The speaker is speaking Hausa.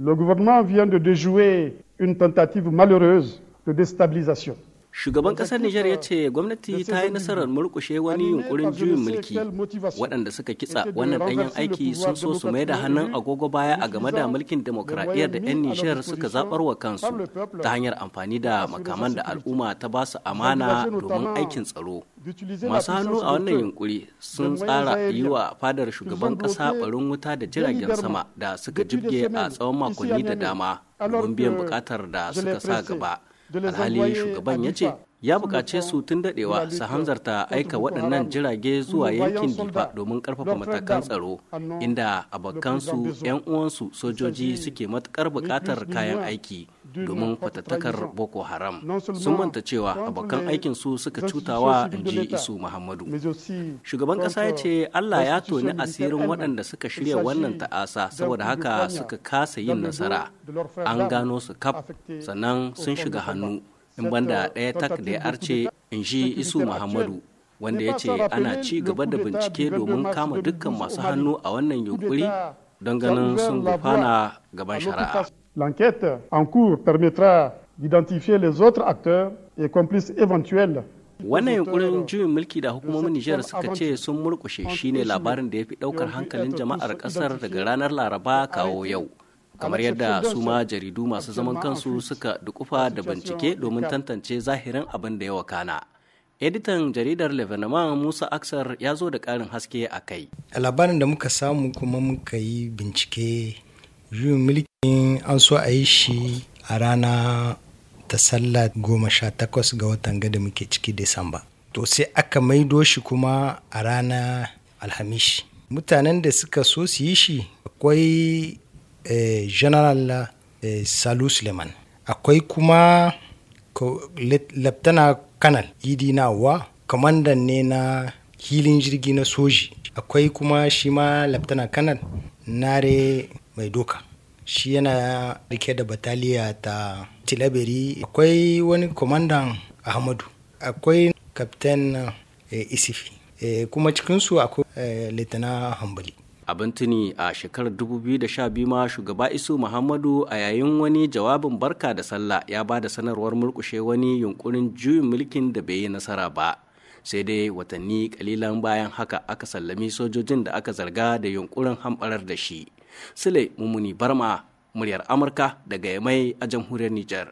Le gouvernement vient de déjouer une tentative malheureuse de déstabilisation. shugaban kasar nijar ya ce gwamnati ta yi nasarar murkushe wani yunkurin juyin mulki waɗanda suka kitsa wannan ɗanyen aiki sun so su mai da hannun agogo baya a game da mulkin demokradiyyar da 'yan nijar suka zaɓar wa kansu ta hanyar amfani da makaman da al'umma ta ba su amana domin aikin tsaro masu hannu a wannan yunkuri sun tsara yi wa fadar shugaban kasa barin wuta da jiragen sama da suka jibge a tsawon makonni da dama domin biyan bukatar da suka sa gaba alhali shugaban ya ce ya buƙace su tun daɗewa su hanzarta aika waɗannan jirage zuwa yankin difa domin karfafa matakan tsaro inda abokansu 'yan uwansu sojoji suke matukar buƙatar kayan aiki domin fatattakar boko haram sun manta cewa abokan aikin su suka cutawa in ji isu muhammadu shugaban ƙasa ya ce allah ya toni asirin waɗanda suka shirya wannan ta'asa saboda haka suka kasa yin nasara an gano su kaf sannan sun shiga hannu in banda ɗaya tak da ya arce in shi isu muhammadu wanda ya ce ana ci gaba da bincike domin kama dukkan masu hannu a wannan yunkuri don ganin sun gufana gaban shari'a. L'enquête en cours permettra d'identifier les autres acteurs et wannan yunkurin juyin mulki da hukumomin Nijar suka ce sun murkushe shine labarin da ya fi daukar hankalin jama'ar kasar daga ranar Laraba kawo yau. kamar yadda su ma jaridu masu zaman kansu suka dukufa da bincike domin tantance zahirin abin da ya kana editan jaridar lebanon musa aksar ya zo da ƙarin haske a kai a labarin da muka samu kuma muka yi bincike yin mulkin an so a yi shi a rana ta sallah goma sha takwas ga watan gada muke ciki disamba to sai aka maido shi kuma a rana alhamishi mutanen da suka so su yi shi akwai Eh, general eh, salu suleiman akwai kuma laftana kanal idi wa. kamandan ne na hilin jirgi na soji akwai kuma shi ma kanal nare mai doka shi yana rike da bataliya ta tilaberi akwai wani kwamandan ahmadu akwai kaftan eh, isifi kuma cikinsu akwai litana hambali abin tuni a shekarar 2012 ma shugaba isu muhammadu a yayin wani jawabin barka da sallah ya ba da sanarwar murkushe wani yunkurin juyin mulkin da bai yi nasara ba sai dai watanni kalilan bayan haka aka sallami sojojin da aka zarga da yunkurin hamɓarar da shi sule mummuni barma muryar amurka daga yamai a jamhuriyar Nijar.